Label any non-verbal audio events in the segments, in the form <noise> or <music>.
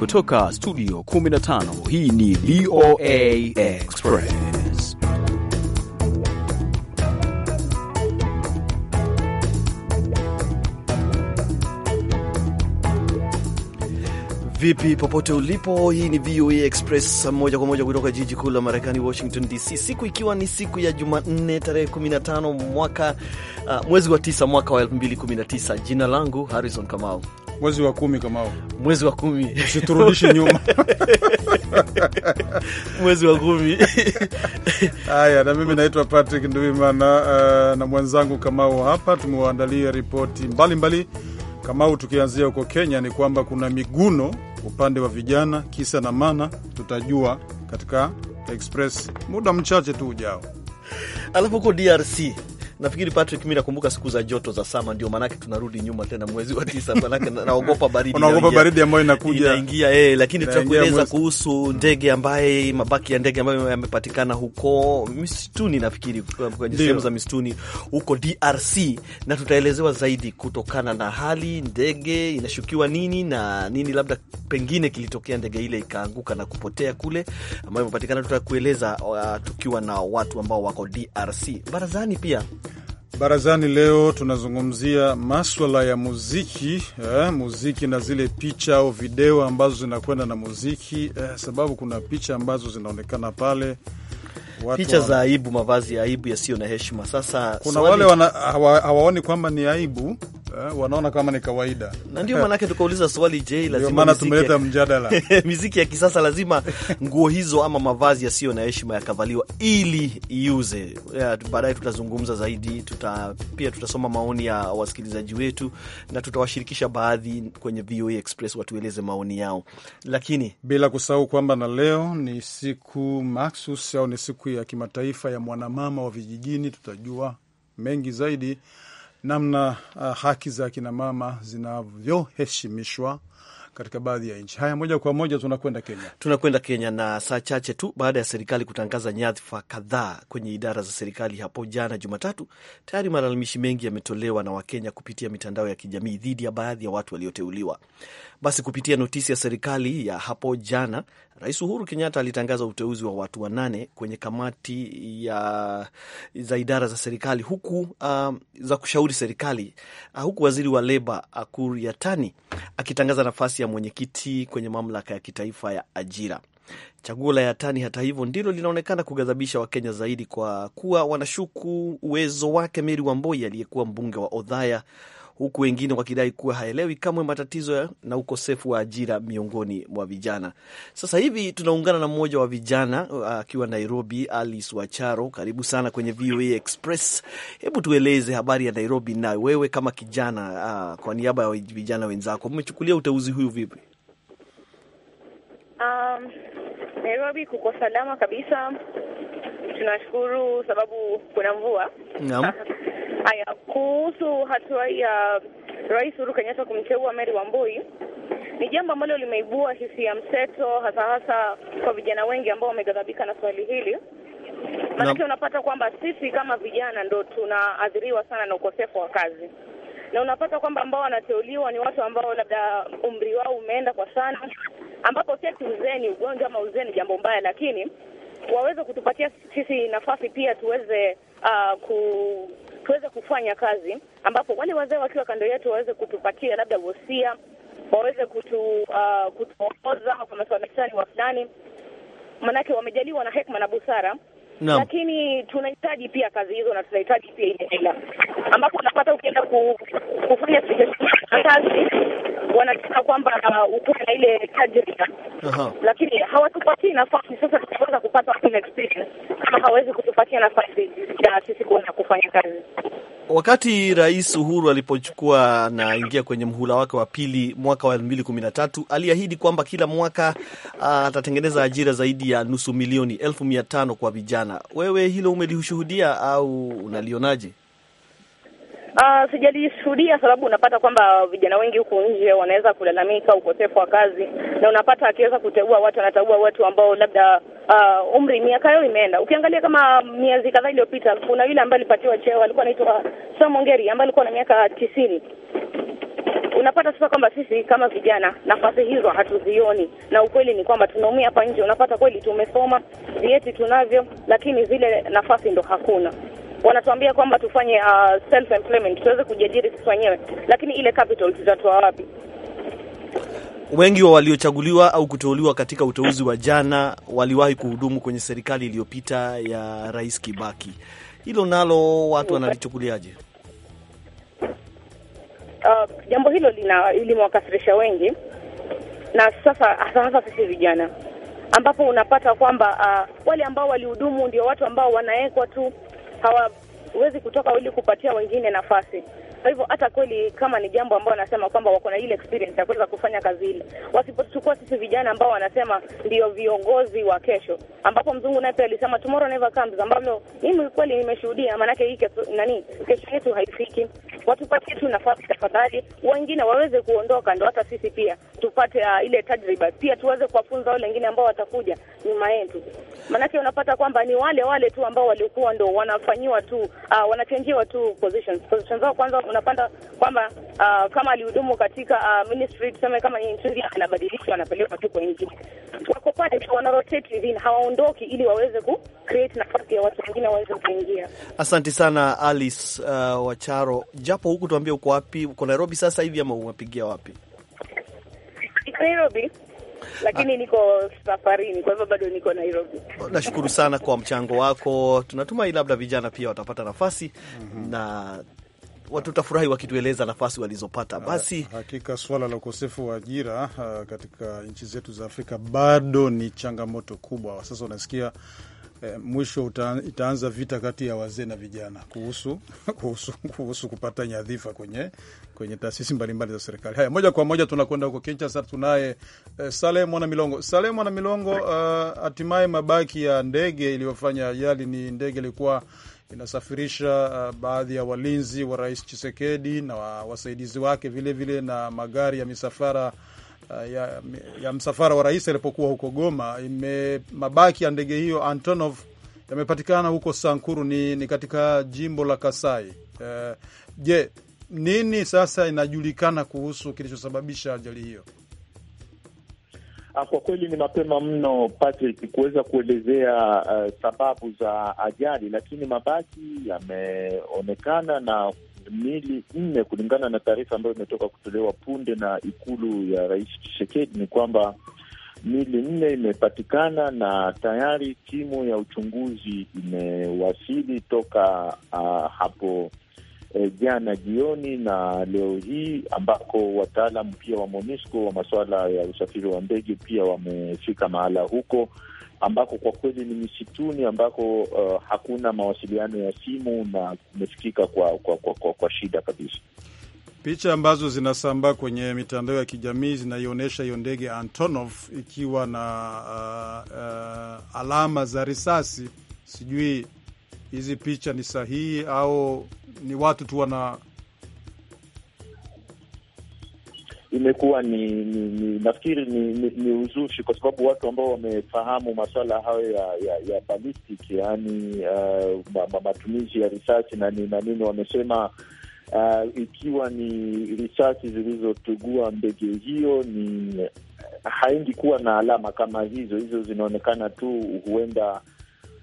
kutoka studio 15 hii ni VOA Express. Vipi popote ulipo, hii ni VOA Express moja kwa moja kutoka jiji kuu la Marekani, Washington DC, siku ikiwa ni siku ya Jumanne tarehe 15 mwaka uh, mwezi wa 9 mwaka wa 2019. Jina langu Harrison Kamau mwezi wa kumi kama huo, mwezi wa kumi usiturudishe <laughs> nyuma mwezi wa kumi Haya, na mimi naitwa Patrick Nduimana uh, eh, na mwenzangu Kamau hapa tumewaandalia ripoti mbalimbali. Kamau, tukianzia huko Kenya ni kwamba kuna miguno upande wa vijana, kisa na maana tutajua katika Express muda mchache tu ujao. Alafu huko DRC Nafikiri Patrick, mi nakumbuka siku za joto za sama, ndio maanake tunarudi nyuma tena mwezi wa tisa, manake naogopa baridi, naogopa baridi ambayo inakuja inaingia, eh, lakini tutakueleza kuhusu ndege ambaye, mabaki ya ndege ambayo yamepatikana huko misituni, nafikiri kwenye sehemu za misituni huko DRC, na tutaelezewa zaidi kutokana na hali ndege inashukiwa nini na nini, labda pengine kilitokea ndege ile ikaanguka na kupotea kule, ambayo imepatikana. Tutakueleza uh, tukiwa na watu ambao wako DRC barazani pia Barazani leo tunazungumzia maswala ya muziki eh, muziki na zile picha au video ambazo zinakwenda na muziki eh, sababu kuna picha ambazo zinaonekana pale Watu picha wa... za aibu, mavazi ya aibu yasiyo na heshima. Sasa kuna swali... wale hawaoni hawa kwamba ni aibu Eh, wanaona kama ni kawaida, na ndio maanake tukauliza swali, je, lazima maana tumeleta mjadala <laughs> miziki ya kisasa lazima nguo hizo ama mavazi yasiyo na heshima yakavaliwa ili iuze. Baadaye tutazungumza zaidi, tuta, pia tutasoma maoni ya wasikilizaji wetu na tutawashirikisha baadhi kwenye VOA Express watueleze maoni yao, lakini bila kusahau kwamba na leo ni siku maksus au ni siku ya kimataifa ya mwanamama wa vijijini. Tutajua mengi zaidi namna uh, haki za mama zinavyoheshimishwa katika baadhi ya nchi. Haya, moja kwa moja tunakwenda Kenya, tunakwenda Kenya na saa chache tu baada ya serikali kutangaza nyadhifa kadhaa kwenye idara za serikali hapo jana Jumatatu, tayari malalamishi mengi yametolewa na Wakenya kupitia mitandao ya kijamii dhidi ya baadhi ya watu walioteuliwa. Basi kupitia notisi ya serikali ya hapo jana, Rais Uhuru Kenyatta alitangaza uteuzi wa watu wanane kwenye kamati ya za idara za serikali huku uh, za kushauri serikali uh, huku waziri wa leba Akur Yatani akitangaza nafasi ya mwenyekiti kwenye mamlaka ya kitaifa ya ajira. Chaguo la Yatani hata hivyo ndilo linaonekana kugadhabisha Wakenya zaidi kwa kuwa wanashuku uwezo wake Meri Wamboi aliyekuwa mbunge wa Odhaya huku wengine wakidai kuwa haelewi kamwe matatizo na ukosefu wa ajira miongoni mwa vijana. Sasa hivi tunaungana na mmoja wa vijana uh, akiwa Nairobi, Alice Wacharo. Karibu sana kwenye VOA Express. Hebu tueleze habari ya Nairobi, na wewe kama kijana, uh, kwa niaba ya vijana wenzako, mmechukulia uteuzi huyu vipi? Um, Nairobi kuko salama kabisa, tunashukuru sababu kuna mvua <laughs> Haya, kuhusu hatua ya Rais Uhuru Kenyatta kumteua Mary Wambui ni jambo ambalo limeibua hisia mseto, hasa hasa kwa vijana wengi ambao wameghadhabika na swali hili. Maanake unapata kwamba sisi kama vijana ndo tunaathiriwa sana na ukosefu wa kazi, na unapata kwamba ambao wanateuliwa ni watu ambao labda umri wao umeenda kwa sana, ambapo si uzee ni ugonjwa ama uzee ni jambo mbaya, lakini waweze kutupatia sisi nafasi pia tuweze uh, ku tuweze kufanya kazi ambapo wale wazee wakiwa kando yetu waweze kutupatia labda wosia, waweze kutu, uh, kutuongoza kwa masuala fulani wa fulani, manake wamejaliwa na hekima na busara no. Lakini tunahitaji pia kazi hizo na tunahitaji pia ile hela, ambapo unapata ukienda ku, kufanya kazi wanataka kwamba ukuwe uh, na ile tajriba uh -huh. Lakini hawatupatii nafasi. Sasa tunaweza kupata kama hawezi kutupatia nafasi ya sisi kuenda kufanya kazi. Wakati Rais Uhuru alipochukua na ingia kwenye mhula wake wa pili mwaka wa elfu mbili kumi na tatu aliahidi kwamba kila mwaka uh, atatengeneza ajira zaidi ya nusu milioni elfu mia tano kwa vijana sana. Wewe hilo umelishuhudia au unalionaje? Uh, ah, sijalishuhudia sababu unapata kwamba vijana wengi huku nje wanaweza kulalamika ukosefu wa kazi, na unapata akiweza kuteua watu anateua watu ambao labda uh, umri miaka yao imeenda. Ukiangalia kama miezi kadhaa iliyopita, kuna yule ambaye alipatiwa cheo alikuwa anaitwa samongeri ambaye alikuwa na miaka tisini unapata sasa kwamba sisi kama vijana nafasi hizo hatuzioni, na ukweli ni kwamba tunaumia hapa nje. Unapata kweli tumesoma, vieti tunavyo, lakini zile nafasi ndo hakuna wanatuambia kwamba tufanye uh, self employment tuweze kujiajiri sisi wenyewe, lakini ile capital tutatoa wapi? Wengi wa waliochaguliwa au kuteuliwa katika uteuzi wa jana waliwahi kuhudumu kwenye serikali iliyopita ya Rais Kibaki. Hilo nalo watu wanalichukuliaje? uh, jambo hilo lina limewakasirisha wengi, na sasa hasa hasa sisi vijana, ambapo unapata kwamba uh, wale ambao walihudumu ndio watu ambao wanawekwa tu, hawawezi kutoka ili kupatia wengine nafasi. Kwa hivyo hata kweli kama ni jambo ambao wanasema kwamba wako na ile experience ya kuweza kufanya kazi ile, wasipochukua sisi vijana ambao wanasema ndio viongozi wa kesho, ambapo mzungu naye pia alisema tomorrow never comes, ambalo mimi kweli nimeshuhudia. Maanake hii nani, kesho yetu haifiki. Watupatie tu nafasi tafadhali, wengine waweze kuondoka, ndo hata sisi pia tupate uh, ile tajriba, pia tuweze kuwafunza wale wengine ambao watakuja nyuma yetu. Maanake unapata kwamba ni wale wale tu ambao walikuwa ndo wanafanyiwa tu uh, ah, wanachenjiwa tu positions, positions zao kwanza unapata kwamba uh, kama alihudumu katika uh, ministry tuseme kama interior, anabadilishwa anapelekwa tu kwenye wako pale tu rotate within, hawaondoki ili waweze ku create nafasi ya watu wengine waweze kuingia. Asante sana Alice uh, Wacharo, japo huku tuambie, uko wapi? Uko Nairobi sasa hivi ama umepigia wapi? Nairobi lakini ah. niko safarini, kwa hivyo bado niko Nairobi. Nashukuru sana kwa mchango wako, tunatumai labda vijana pia watapata nafasi mm -hmm. na watutafurahi wakitueleza nafasi walizopata. Ah, Basi hakika swala la ukosefu wa ajira uh, katika nchi zetu za Afrika bado ni changamoto kubwa. Sasa unasikia E, mwisho itaanza vita kati ya wazee na vijana kuhusu, <laughs> kuhusu, kuhusu kupata nyadhifa kwenye, kwenye taasisi mbalimbali za serikali. Haya, moja kwa moja tunakwenda huko Kinshasa, tunaye e, Saleh Mwana Milongo. Saleh Mwana Milongo, ah, hatimaye uh, mabaki ya ndege iliyofanya ajali ni ndege ilikuwa inasafirisha uh, baadhi ya walinzi wa rais Chisekedi na wasaidizi wake vilevile vile na magari ya misafara uh, ya, ya msafara wa rais alipokuwa huko Goma. Ime, mabaki ya ndege hiyo Antonov yamepatikana huko Sankuru ni, ni katika jimbo la Kasai. Uh, je, nini sasa inajulikana kuhusu kilichosababisha ajali hiyo? Ah, kwa kweli ni mapema mno Patrick kuweza kuelezea uh, sababu za ajali, lakini mabaki yameonekana na mili nne, kulingana na taarifa ambayo imetoka kutolewa punde na ikulu ya Rais Tshisekedi ni kwamba mili nne imepatikana na tayari timu ya uchunguzi imewasili toka uh, hapo e, jana jioni na leo hii, ambako wataalam pia wa MONUSCO wa masuala ya usafiri wa ndege pia wamefika mahala huko ambako kwa kweli ni misituni ambako uh, hakuna mawasiliano ya simu na kumefikika kwa, kwa, kwa, kwa, kwa shida kabisa. Picha ambazo zinasambaa kwenye mitandao ya kijamii zinaionyesha hiyo ndege Antonov ikiwa na uh, uh, alama za risasi, sijui hizi picha ni sahihi au ni watu tu wana imekuwa ni, ni, ni nafikiri ni, ni, ni uzushi kwa sababu watu ambao wamefahamu maswala hayo ya ya, ya ballistic yaani uh, matumizi ya risasi na nini na nini wamesema uh, ikiwa ni risasi zilizotugua ndege hiyo ni haingi kuwa na alama kama hizo. Hizo zinaonekana tu huenda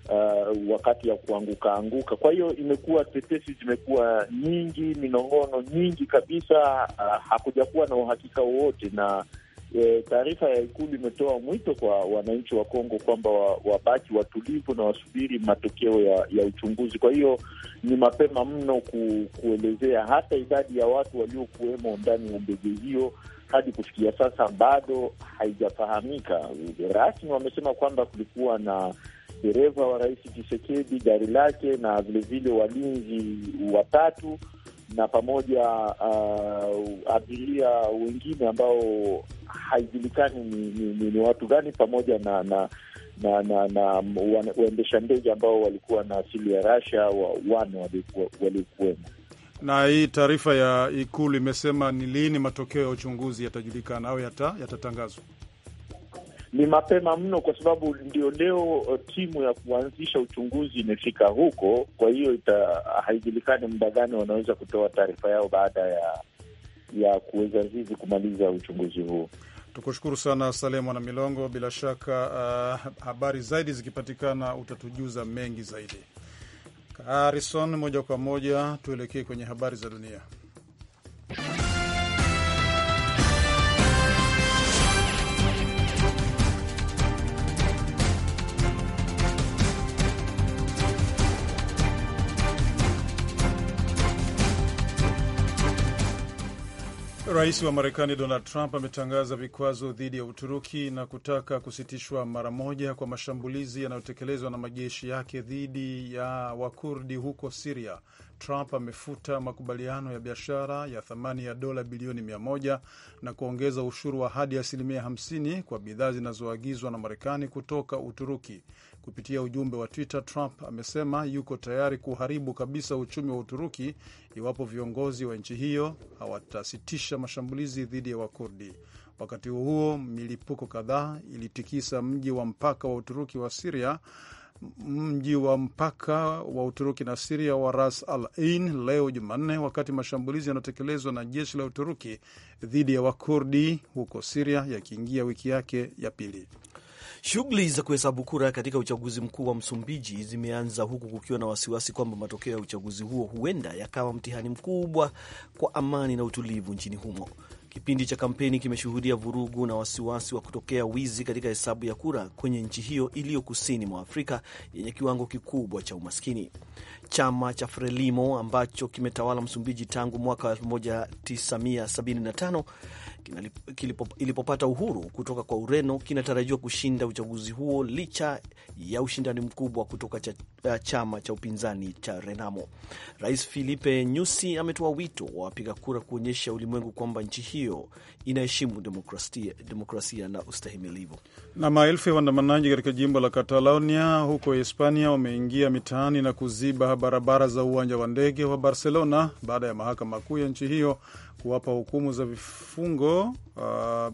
uh, wakati ya kuanguka anguka. Kwa hiyo imekuwa tetesi zimekuwa nyingi, minong'ono nyingi kabisa. Uh, hakujakuwa na uhakika wowote na E, taarifa ya Ikulu imetoa mwito kwa wananchi wa Kongo kwamba wabaki wa watulivu na wasubiri matokeo ya, ya uchunguzi. Kwa hiyo ni mapema mno ku, kuelezea hata idadi ya watu waliokuwemo ndani ya ndege hiyo. Hadi kufikia sasa bado haijafahamika rasmi. Wamesema kwamba kulikuwa na dereva wa Rais chisekedi gari lake na vilevile walinzi watatu na pamoja uh, abiria wengine ambao haijulikani ni, ni, ni, ni watu gani, pamoja na na na, na, na waendesha ndege ambao walikuwa na asili ya Russia wa, wane waliokuwemo. Na hii taarifa ya Ikulu imesema ni lini matokeo ya uchunguzi yatajulikana au yatatangazwa yata ni mapema mno, kwa sababu ndio leo uh, timu ya kuanzisha uchunguzi imefika huko. Kwa hiyo haijulikani muda gani wanaweza kutoa taarifa yao baada ya ya kuweza hizi kumaliza uchunguzi huu. Tukushukuru sana Saleh Mwana Milongo. Bila shaka uh, habari zaidi zikipatikana utatujuza mengi zaidi. Harison, moja kwa moja tuelekee kwenye habari za dunia. Rais wa Marekani Donald Trump ametangaza vikwazo dhidi ya Uturuki na kutaka kusitishwa mara moja kwa mashambulizi yanayotekelezwa na majeshi yake dhidi ya Wakurdi huko Siria. Trump amefuta makubaliano ya biashara ya thamani ya dola bilioni 1 na kuongeza ushuru wa hadi asilimia 50 kwa bidhaa zinazoagizwa na Marekani kutoka Uturuki. Kupitia ujumbe wa Twitter, Trump amesema yuko tayari kuharibu kabisa uchumi wa Uturuki iwapo viongozi wa nchi hiyo hawatasitisha mashambulizi dhidi ya Wakurdi. Wakati huo huo, milipuko kadhaa ilitikisa mji wa mpaka wa Uturuki wa Siria mji wa mpaka wa Uturuki na Siria wa Ras Al Ain leo Jumanne, wakati mashambulizi yanayotekelezwa na jeshi la Uturuki dhidi ya Wakurdi huko Siria yakiingia wiki yake ya pili. Shughuli za kuhesabu kura katika uchaguzi mkuu wa Msumbiji zimeanza huku kukiwa na wasiwasi kwamba matokeo ya uchaguzi huo huenda yakawa mtihani mkubwa kwa amani na utulivu nchini humo. Kipindi cha kampeni kimeshuhudia vurugu na wasiwasi wa kutokea wizi katika hesabu ya kura kwenye nchi hiyo iliyo kusini mwa Afrika yenye kiwango kikubwa cha umaskini. Chama cha Frelimo ambacho kimetawala Msumbiji tangu mwaka 1975 ilipopata uhuru kutoka kwa Ureno kinatarajiwa kushinda uchaguzi huo licha ya ushindani mkubwa kutoka cha, eh, chama cha upinzani cha Renamo. Rais Filipe Nyusi ametoa wito wa wapiga kura kuonyesha ulimwengu kwamba nchi hiyo inaheshimu demokrasia, demokrasia na ustahimilivu. Na maelfu ya waandamanaji katika jimbo la Catalonia huko Hispania wameingia mitaani na kuziba barabara za uwanja wa ndege wa Barcelona baada ya mahakama kuu ya nchi hiyo kuwapa hukumu za vifungo uh,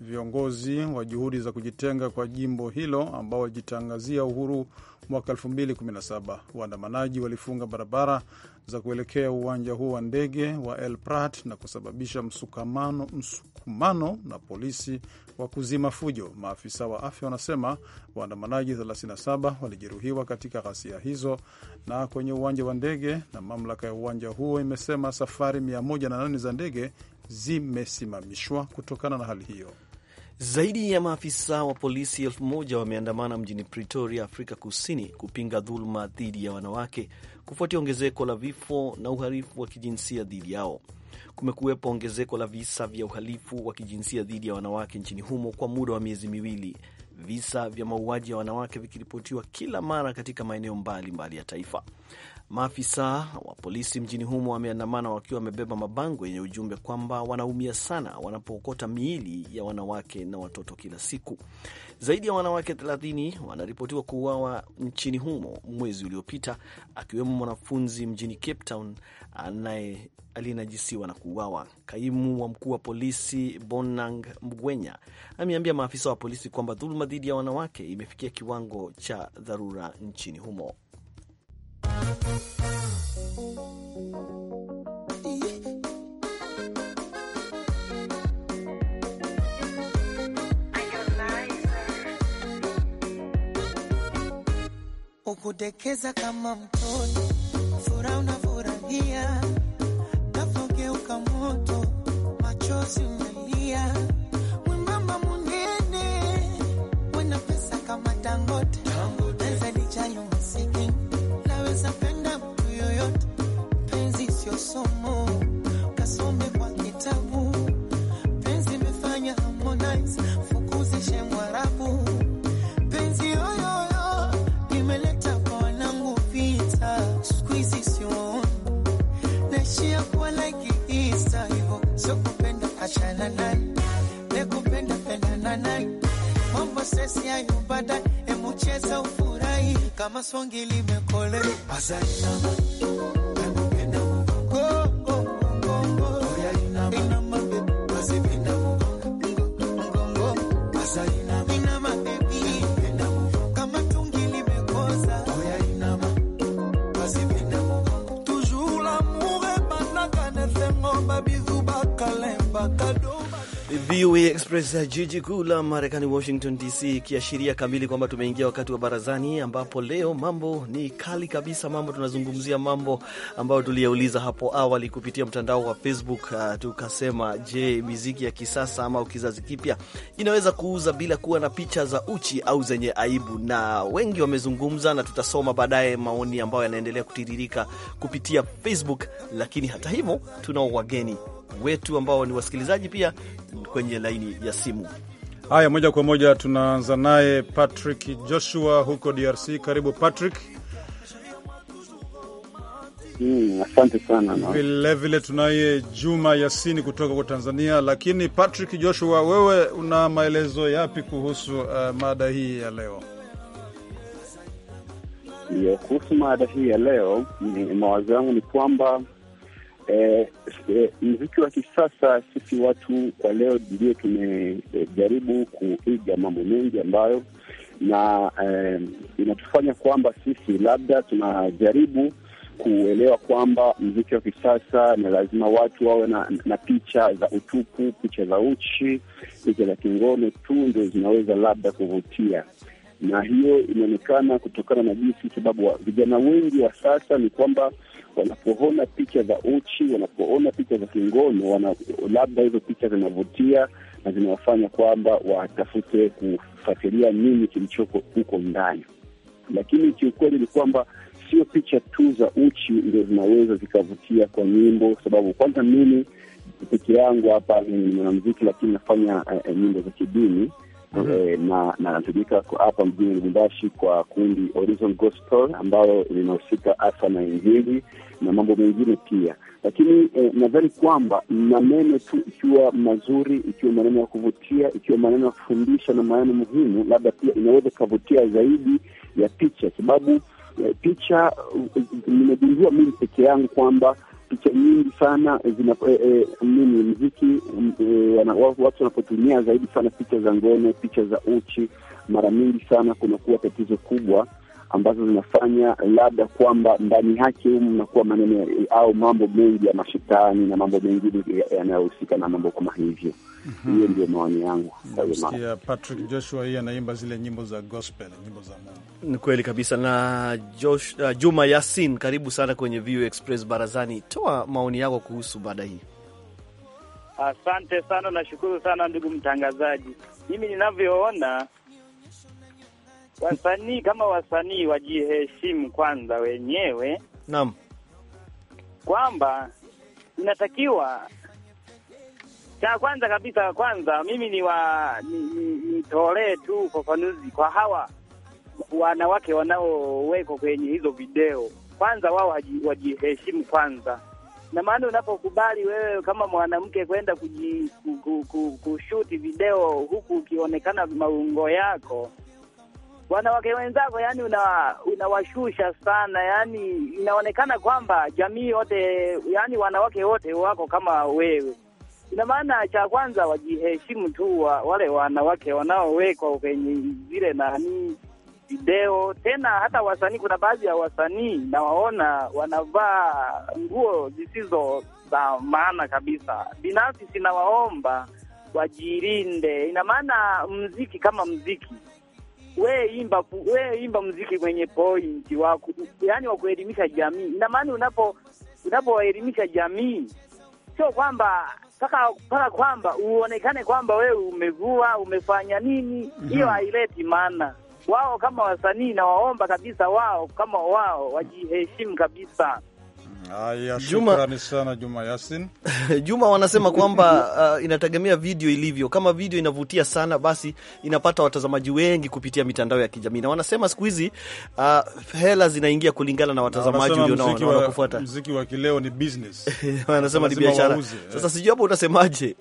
viongozi wa juhudi za kujitenga kwa jimbo hilo ambao walijitangazia uhuru mwaka 2017. Waandamanaji walifunga barabara za kuelekea uwanja huo wa ndege wa El Prat na kusababisha msukumano, msukumano na polisi wa kuzima fujo. Maafisa wa afya wanasema waandamanaji 37 walijeruhiwa katika ghasia hizo na kwenye uwanja wa ndege, na mamlaka ya uwanja huo imesema safari 108 za ndege zimesimamishwa kutokana na hali hiyo. Zaidi ya maafisa wa polisi elfu moja wameandamana mjini Pretoria, Afrika Kusini, kupinga dhuluma dhidi ya wanawake kufuatia ongezeko la vifo na uhalifu wa kijinsia dhidi yao. Kumekuwepo ongezeko la visa vya uhalifu wa kijinsia dhidi ya wanawake nchini humo kwa muda wa miezi miwili, visa vya mauaji ya wanawake vikiripotiwa kila mara katika maeneo mbalimbali ya taifa. Maafisa wa polisi mjini humo wameandamana wakiwa wamebeba mabango yenye ujumbe kwamba wanaumia sana wanapookota miili ya wanawake na watoto kila siku. Zaidi ya wanawake 30 wanaripotiwa kuuawa nchini humo mwezi uliopita, akiwemo mwanafunzi mjini Cape Town anaye aliyenajisiwa na kuuawa. Kaimu wa mkuu wa polisi Bonang Mgwenya ameambia maafisa wa polisi kwamba dhuluma dhidi ya wanawake imefikia kiwango cha dharura nchini humo. ukudekeza kama mtoto, furaha unafurahia, nafogeuka moto, machozi Cause VOA Express, jiji kuu la Marekani, Washington DC, ikiashiria kamili kwamba tumeingia wakati wa barazani, ambapo leo mambo ni kali kabisa. Mambo tunazungumzia mambo ambayo tuliyauliza hapo awali kupitia mtandao wa Facebook. Uh, tukasema, je, miziki ya kisasa ama kizazi kipya inaweza kuuza bila kuwa na picha za uchi au zenye aibu? Na wengi wamezungumza, na tutasoma baadaye maoni ambayo yanaendelea kutiririka kupitia Facebook, lakini hata hivyo tunao wageni wetu ambao ni wasikilizaji pia kwenye laini ya simu. Haya, moja kwa moja tunaanza naye Patrick Joshua huko DRC. Karibu Patrick. Mm, asante sana no. Vilevile tunaye Juma Yasini kutoka kwa Tanzania. Lakini Patrick Joshua, wewe una maelezo yapi kuhusu uh, mada hii ya leo? Ndiyo, kuhusu mada hii ya leo, mawazo yangu ni kwamba eh, mziki wa kisasa, sisi watu kwa leo ndio tumejaribu e, kuiga mambo mengi ambayo na e, inatufanya kwamba sisi labda tunajaribu kuelewa kwamba mziki wa kisasa ni lazima watu wawe na, na picha za utupu, picha za uchi, picha za kingono tu ndo zinaweza labda kuvutia, na hiyo inaonekana kutokana na jinsi, sababu vijana wengi wa sasa ni kwamba wanapoona picha za uchi, wanapoona picha za kingono wana, labda hizo picha zinavutia na zinawafanya kwamba watafute kufuatilia nini kilichoko huko ndani. Lakini kiukweli ni kwamba sio picha tu za uchi ndio zinaweza zikavutia kwa nyimbo, sababu kwanza mimi peke yangu hapa ni mwanamuziki, lakini nafanya uh, nyimbo za kidini mhm. eh, na natumika hapa mjini Lubumbashi kwa kundi Horizon Gospel ambayo linahusika hasa na Injili na mambo mengine pia, lakini eh, nadhani kwamba maneno tu, ikiwa mazuri, ikiwa maneno ya kuvutia, ikiwa maneno ya kufundisha na maneno muhimu, labda pia inaweza ikavutia zaidi ya picha, sababu eh, picha nimegundua mimi peke yangu kwamba picha nyingi sana zina eh, eh, nini, mziki, eh, watu wanapotumia zaidi sana picha za ngono, picha za uchi, mara nyingi sana kunakuwa tatizo kubwa ambazo zinafanya labda kwamba ndani yake humu mnakuwa maneno au mambo mengi ya mashitani na mambo mengine yanayohusika na mambo kama hivyo. Mhm. Hiyo ndio maoni yangu. Patrick Joshua hii anaimba zile nyimbo za gospel, nyimbo za Mungu. Ni kweli kabisa. Na Josh, uh, Juma Yasin, karibu sana kwenye VU Express barazani, toa maoni yako kuhusu baada hii. Asante sana, nashukuru sana ndugu mtangazaji. Mimi ninavyoona wasanii kama wasanii wajiheshimu kwanza wenyewe. Naam, kwamba inatakiwa cha kwanza kabisa, kwanza mimi ni wa nitolee ni, ni tu ufafanuzi kwa hawa wanawake wanaowekwa kwenye hizo video. Kwanza wao wajiheshimu kwanza, na maana unapokubali wewe kama mwanamke kwenda kushuti ku, ku, ku, kushuti video huku ukionekana maungo yako wanawake wenzako, yani unawashusha una sana, yani inaonekana kwamba jamii yote, yani wanawake wote wako kama wewe. Ina maana cha kwanza wajiheshimu tu wa, wale wanawake wanaowekwa kwenye zile nani video tena. Hata wasanii, kuna baadhi ya wasanii nawaona wanavaa nguo zisizo za maana kabisa. Binafsi sinawaomba wajilinde. Ina maana mziki kama mziki we imba, we imba muziki kwenye pointi wako, yani kuelimisha jamii. Ina maana unapo unapoelimisha jamii, sio kwamba paka paka kwamba uonekane kwamba wewe umevua umefanya nini, hiyo mm haileti maana wao kama wasanii, na waomba kabisa wao kama wao wajiheshimu kabisa. Aya, Juma, sana Juma Yasin. <laughs> Juma wanasema kwamba <laughs> uh, inategemea video ilivyo. Kama video inavutia sana, basi inapata watazamaji wengi kupitia mitandao ya kijamii, na wanasema siku hizi uh, hela zinaingia kulingana na watazamaji wanakufuata. Muziki wa kileo ni business <laughs> wanasema ni biashara. Eh. Sasa sijui hapo utasemaje?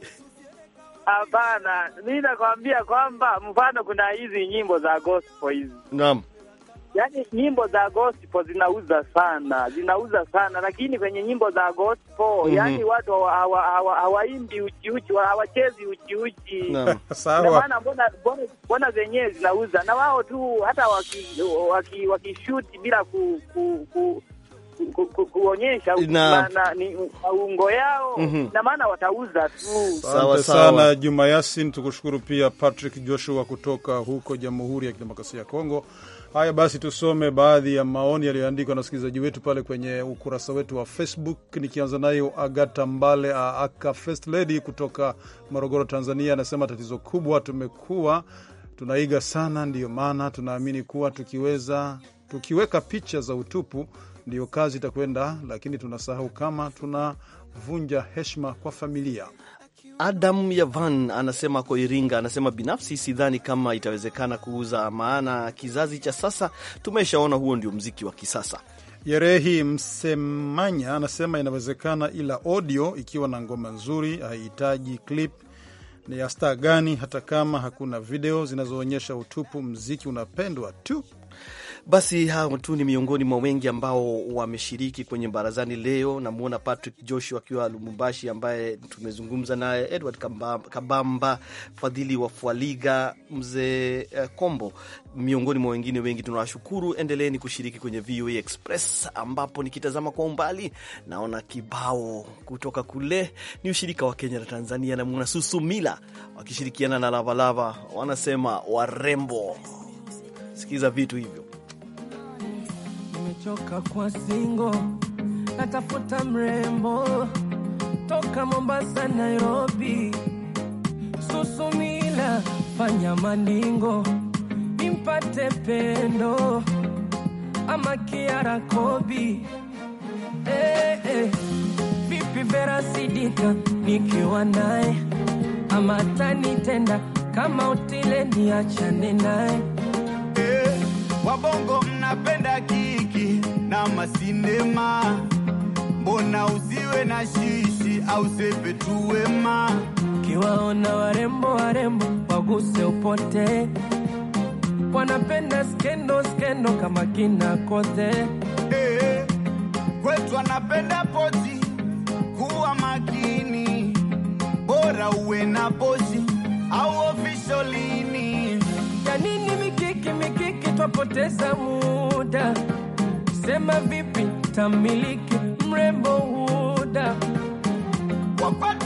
Hapana, mi nakwambia kwamba mfano kuna hizi nyimbo za gospel hizi, naam yani nyimbo za gospel zinauza sana, zinauza sana lakini kwenye nyimbo za gospel mm -hmm. yani watu hawaimbi uchiuchi, hawachezi uchiuchi. Maana mbona zenyewe zinauza na wao tu, hata wakishuti waki, waki bila ku, ku, ku Ku, ku, kuonyesha maungo yao mm -hmm. na maana watauza tu. Asante sana Juma Yasin, tukushukuru pia Patrick Joshua kutoka huko Jamhuri ya Kidemokrasia ya Kongo. Haya basi, tusome baadhi ya maoni yaliyoandikwa na wasikilizaji wetu pale kwenye ukurasa wetu wa Facebook, nikianza nayo Agata Mbale aka First Lady kutoka Morogoro, Tanzania. Anasema tatizo kubwa, tumekuwa tunaiga sana, ndiyo maana tunaamini kuwa tukiweza tukiweka picha za utupu ndiyo kazi itakwenda, lakini tunasahau kama tunavunja heshima kwa familia. Adam Yavan anasema ko Iringa, anasema binafsi sidhani kama itawezekana kuuza, maana kizazi cha sasa tumeshaona huo ndio mziki wa kisasa. Yerehi Msemanya anasema inawezekana, ila audio ikiwa na ngoma nzuri haihitaji clip ni ya star gani, hata kama hakuna video zinazoonyesha utupu, mziki unapendwa tu basi hao tu ni miongoni mwa wengi ambao wameshiriki kwenye barazani leo. Namwona Patrick Joshua akiwa lumumbashi ambaye tumezungumza naye, Edward Kabamba, Fadhili wa Fualiga, Mzee eh, Kombo, miongoni mwa wengine wengi. Tunawashukuru, endeleeni kushiriki kwenye VOA e Express, ambapo nikitazama kwa umbali naona kibao kutoka kule ni ushirika wa Kenya na Tanzania. Namwona Susumila wakishirikiana na Lavalava, wanasema warembo. Sikiza vitu hivyo nimechoka kwa singo, natafuta mrembo toka Mombasa, Nairobi, Susumila, fanya maningo nimpate pendo ama Kiara Kobi. Hey, eh, eh, hey. Vipi Vera Sidika nikiwa naye ama tanitenda kama utile niachane naye. Hey, eh, wabongo mnapenda ki kama sinema, mbona usiwe na shishi au sepe tu Kiwaona warembo warembo waguse upote, wanapenda skendo skendo kama kina kote. Hey, kwetu anapenda poti, kuwa makini, bora uwe na posi au ofisholini. Ya nini mikiki mikiki, twapoteza muda sema vipi tamiliki mrembo huda Wapata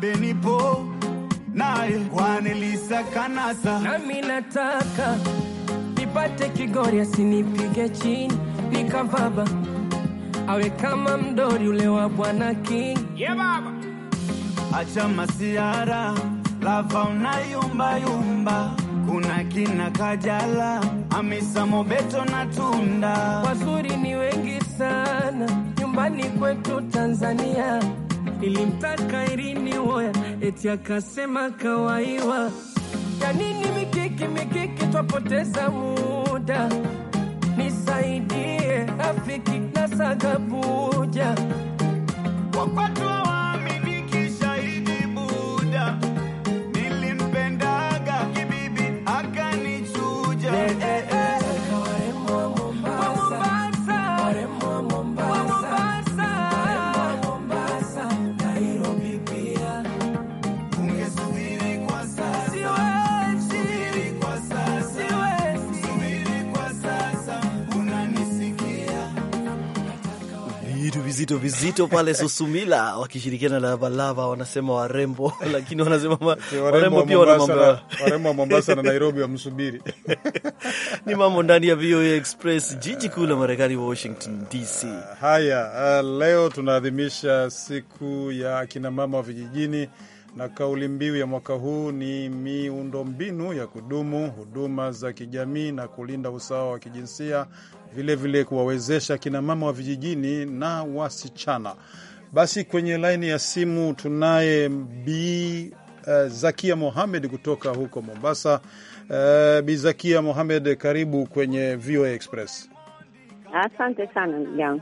benipo naye lisa kanasa nami nataka nipate kigori asinipige chini nikavaba awe kama mdori ule wa bwana King ye yeah, baba acha masiara lava yumba kuna kina Kajala amisa Mobeto na Tunda wazuri ni wengi sana nyumbani kwetu Tanzania nilimtaka Irini woya eti akasema kawaiwa. Yanini mikiki mikiki, twapoteza muda, nisaidie rafiki na sagabuja vizito vizito pale Susumila wakishirikiana na Lavalava, wanasema warembo, <laughs> lakini wanasema warembo pia wana mambo warembo wa Mombasa na Nairobi wamsubiri. <laughs> Ni mambo ndani ya VOA Express, jiji kuu la Marekani, Washington DC. Ah, haya, uh, leo tunaadhimisha siku ya akinamama wa vijijini na kauli mbiu ya mwaka huu ni miundombinu ya kudumu, huduma za kijamii na kulinda usawa wa kijinsia vilevile kuwawezesha mama wa vijijini na wasichana. Basi kwenye laini ya simu tunaye Bi uh, eh, Zakia Mohamed kutoka huko Mombasa. Uh, eh, Bi Zakia Mohamed, karibu kwenye VOA Express. Asante sana ndugu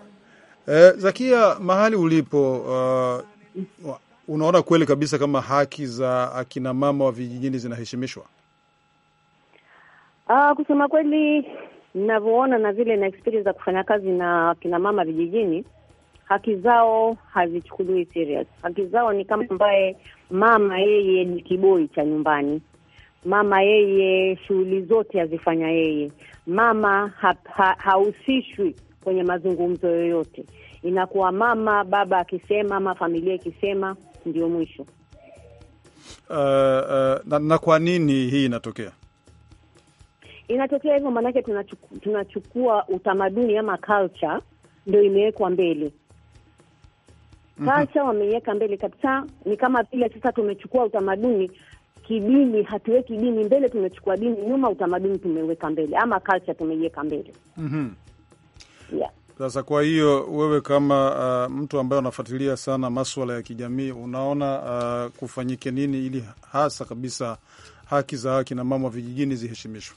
Uh, Zakia, mahali ulipo uh, unaona kweli kabisa kama haki za akina mama wa vijijini zinaheshimishwa? Uh, kusema kweli ninavyoona na vile na experience za kufanya kazi na kina mama vijijini, haki zao hazichukuliwi serious. Haki zao ni kama ambaye mama yeye ni kiboi cha nyumbani, mama yeye shughuli zote azifanya yeye, mama hahusishwi ha, kwenye mazungumzo yoyote. Inakuwa mama baba akisema ama familia ikisema ndio mwisho. Uh, uh, na, na kwa nini hii inatokea? inatokea hivyo, maanake tunachukua, tunachukua utamaduni ama culture ndio imewekwa mbele. Mhm. Culture wameiweka mbele kabisa, ni kama vile sasa tumechukua utamaduni kidini hatuweki dini mbele, tumechukua dini nyuma, utamaduni tumeweka mbele ama culture tumeiweka mbele. mm -hmm. yeah. Sasa kwa hiyo wewe kama uh, mtu ambaye unafuatilia sana maswala ya kijamii unaona uh, kufanyike nini ili hasa kabisa haki za haki na mama vijijini ziheshimishwe?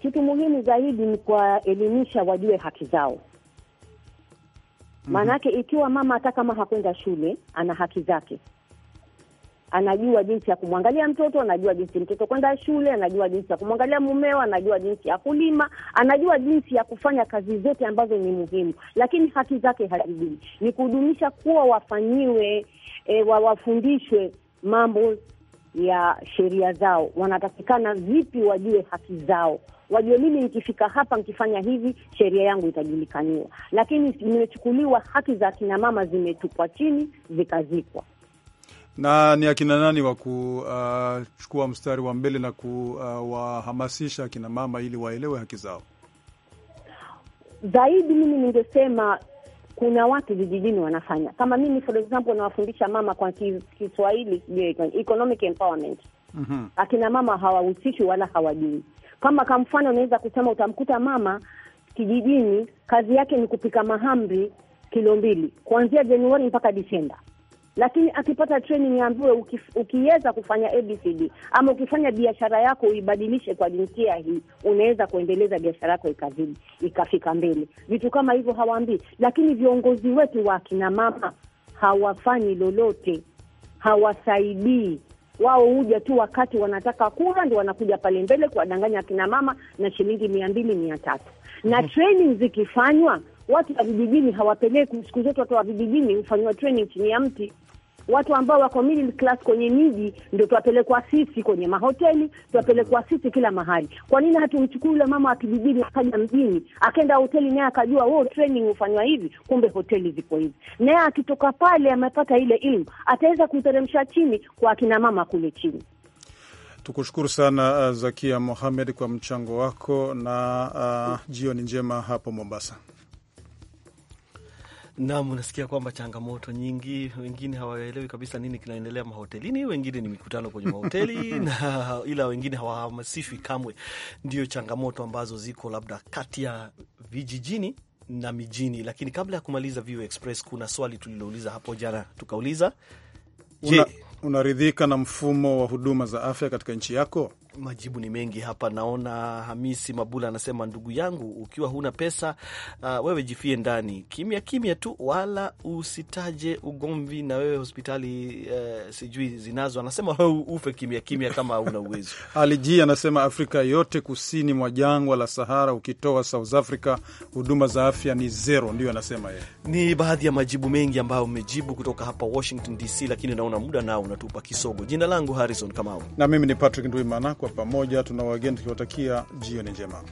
kitu muhimu zaidi ni kuwaelimisha wajue haki zao. Mhm. Maanake mm -hmm. ikiwa mama hata kama hakwenda shule, ana haki zake, anajua jinsi ya kumwangalia mtoto, anajua jinsi mtoto kwenda shule, anajua jinsi ya kumwangalia mumeo, anajua jinsi ya kulima, anajua jinsi ya kufanya kazi zote ambazo ni muhimu, lakini haki zake hazijui. Ni kudumisha kuwa wafanyiwe e, wafundishwe mambo ya sheria zao, wanatakikana vipi wajue haki zao, wajue mimi nikifika hapa nkifanya hivi sheria yangu itajulikaniwa. Lakini zimechukuliwa haki za akina mama zimetupwa chini zikazikwa. Na ni akina nani wa kuchukua uh, mstari wa mbele na kuwahamasisha uh, akina mama ili waelewe haki zao zaidi? Mimi ningesema kuna watu vijijini wanafanya kama mimi for example nawafundisha mama kwa Kiswahili eh, economic empowerment. mm -hmm. Akina mama hawahusishi wala hawajui. Kama kwa mfano unaweza kusema utamkuta mama kijijini kazi yake ni kupika mahamri kilo mbili kuanzia Januari mpaka Disemba lakini akipata training ambiwe ukiweza kufanya ABCD ama ukifanya biashara yako uibadilishe kwa jinsia hii, unaweza kuendeleza biashara yako ikazidi ikafika mbele. Vitu kama hivyo hawaambii, lakini viongozi wetu wa akina mama hawafanyi lolote, hawasaidii wao huja tu wakati wanataka kura, ndio wanakuja pale mbele kuwadanganya akina mama na shilingi mia mbili mia tatu na mhm. training zikifanywa watu wa vijijini hawapeleki siku zote, watu wa vijijini hufanyiwa training chini ya mti. Watu ambao wako middle class kwenye miji ndio tuwapelekwa sisi kwenye mahoteli, tuwapelekwa sisi kila mahali. Kwa nini hatumchukui yule mama wa kijijini akaja mjini, akaenda hoteli naye akajua wo, oh, training hufanywa hivi, kumbe hoteli zipo hivi, naye akitoka pale amepata ile ilmu, ataweza kuteremsha chini kwa akina mama kule chini. Tukushukuru sana uh, Zakia Mohamed kwa mchango wako na uh, jioni njema hapo Mombasa. Naam, unasikia kwamba changamoto nyingi, wengine hawaelewi kabisa nini kinaendelea mahotelini, wengine ni mikutano kwenye mahoteli <laughs> na ila wengine hawahamasishwi kamwe. Ndio changamoto ambazo ziko labda kati ya vijijini na mijini. Lakini kabla ya kumaliza VOA Express, kuna swali tulilouliza hapo jana, tukauliza je, unaridhika na mfumo wa huduma za afya katika nchi yako? Majibu ni mengi hapa. Naona Hamisi Mabula anasema, ndugu yangu, ukiwa huna pesa uh, wewe jifie ndani kimya kimya tu, wala usitaje ugomvi na wewe hospitali uh, sijui zinazo, anasema wewe ufe kimya kimya kama una uwezo. <laughs> Aliji anasema Afrika yote kusini mwa jangwa la Sahara ukitoa South Africa huduma za afya ni zero, ndio anasema yeye. Ni baadhi ya majibu mengi ambayo umejibu kutoka hapa Washington DC, lakini naona muda nao unatupa kisogo. Jina langu Harrison Kamau na mimi ni Patrick Ndwimana kwa pamoja tuna wageni tukiwatakia jioni njema.